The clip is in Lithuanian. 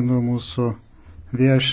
sveikinu mūsų viešinę.